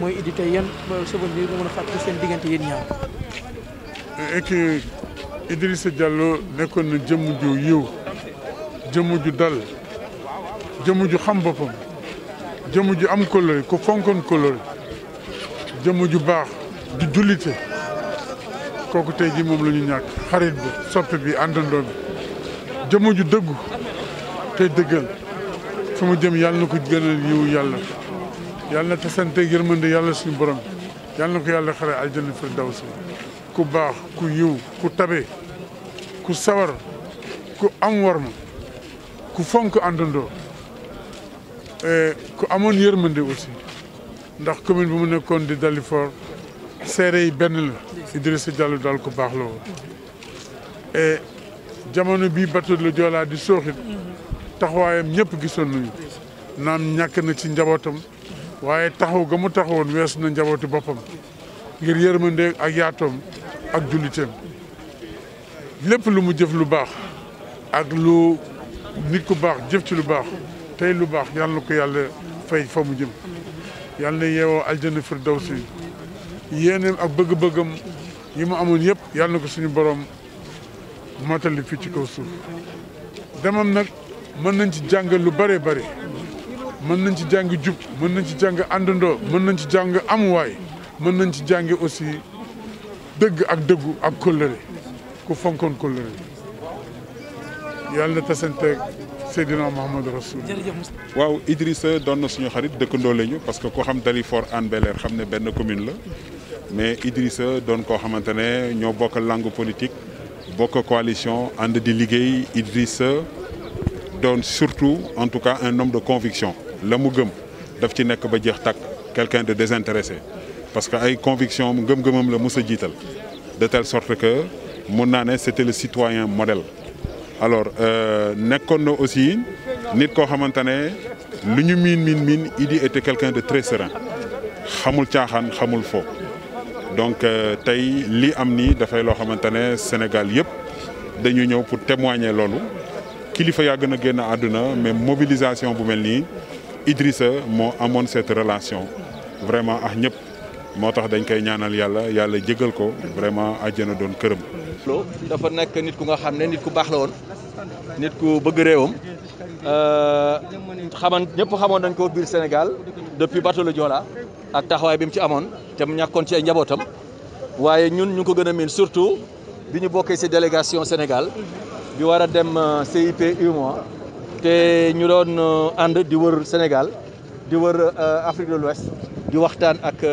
mooy indi tey yan souvenir nga mën a fàttali seen diggante yéen ñaar. et que Idrissa Diallo nekkoon na jëmm ju yiw jëmm ju dal jëmm ju xam boppam jëmm ju am kóllëre ku fonkoon kóllëre jëmm ju baax di jullite kooku tey ji moom la ñu ñàkk xarit bi soppe bi àndandoo bi jëmm ju dëggu te dëggal fu mu jëm yàlla na ko gënal yiw yàlla yàlla na tasante yërmande yàlla si borom yàlla na ko yàlla xare aljanna firdawsi ku baax ku yiw ku tabe ku sawar ku am warma ku fonk àndandoo eh, ku amoon yërmande aussi ndax commune bi mu nekkoon di Dalifort seere yi benn la Idrissa Diallo daal ku baax loo woon et jamono bii bateau le Joola di sooxit taxawaayam ñëpp gisoon nañu naam ñàkk na ci njabootam waaye taxaw ga mu taxawoon weesu na njabootu boppam ngir yërmande ak yaatoom ak julliteem lépp lu mu jëf lu baax ak lu nit ku baax jëf ci lu baax tey lu baax yàlla na ko yàlla fay fa mu jëm yàlla na yeewoo aljana firdawsi yéeneem ak bëgg-bëggam yi mu amoon yëpp yàlla na ko suñu borom mottali fii ci kaw suuf demam nag mën nañ ci jàng lu bëree bëri mën nañ ci jàng jub mën nañ ci jàng àndandoo mën nañ ci jàng amuwaay mën nañ ci jàng aussi dëgg ak dëggu ak kóllëre ku fonkoon kóllëre yàlla na tasanteeg Seydina Mouhamadou waaw Idrissa doon suñu xarit dëkkandoo lañu parce que ku xam Dalifort Hann Bel-Air xam ne benn commune la mais Idrissa donn koo xamante ne ñoo bokk langue politique bokk coalition ànd di liggéey Idrissa doon surtout en tout cas un homme de conviction la mu gëm daf ci nekk ba jeex takk quelqu'un de désintéressé parce que ay conviction gëm-gëmam la mës sa jiital de telle sorte que mun naa ne c'était le citoyen modèle alors euh, nekkoon na aussi nit koo xamante ne lu ñu miin miin miin Idy était de très serein xamul caaxaan xamul fo donc euh, tey li am ni dafay loo xamante ne Sénégal yëpp dañu ñëw pour témoigner loolu kilifa yàgg gën a génn àdduna mais mobilisation bu mel nii Idrissa moo amoon cette relation vraiment ak ñëpp moo tax dañ koy ñaanal yàlla yàlla jégal ko vraiment na doon këram. Lo dafa nekk nit ku nga xam ne nit ku baax la woon nit ku bëgg réewam euh, xaman ñëpp xamoon dañ ko biir Sénégal depuis bateau le Joola ak taxawaay bi mu ci amoon te mu ñàkkoon ci ay njabootam waaye ñun ñu ko gën a miin surtout bi ñu bokkee ci délégation Sénégal bi war a dem euh, CIP UMOA te ñu doon euh, ànd di wër Sénégal di wër Afrique de l'Ouest di waxtaan ak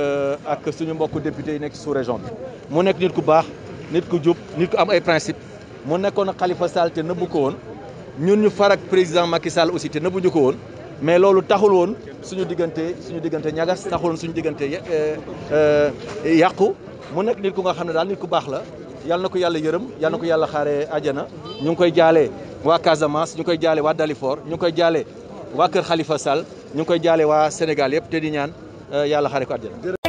ak suñu mbokku député yi nekk sous région bi mu nekk nit ku baax. nit ku jub nit ku am ay principe mu nekkoon Khalifa Sall te nëbbu ko woon ñun ñu farak président Macky Sall aussi te ñu ko woon mais loolu taxul woon suñu diggante suñu diggante ñagas taxul woon suñu diggante eh, eh, yàqu mu nekk nit ku nga xam ne daal nit ku baax la yal na ko yàlla yërëm yal na ko yàlla xaaree ajana ñu ngi koy jaalee waa Casamance ñu ngi jaale jaalee waa Dalifort ñu ngi koy jaalee waa Kër xalifa Sall ñu ngi jaale waa Sénégal yëpp te di ñaan eh, yàlla xaaree ko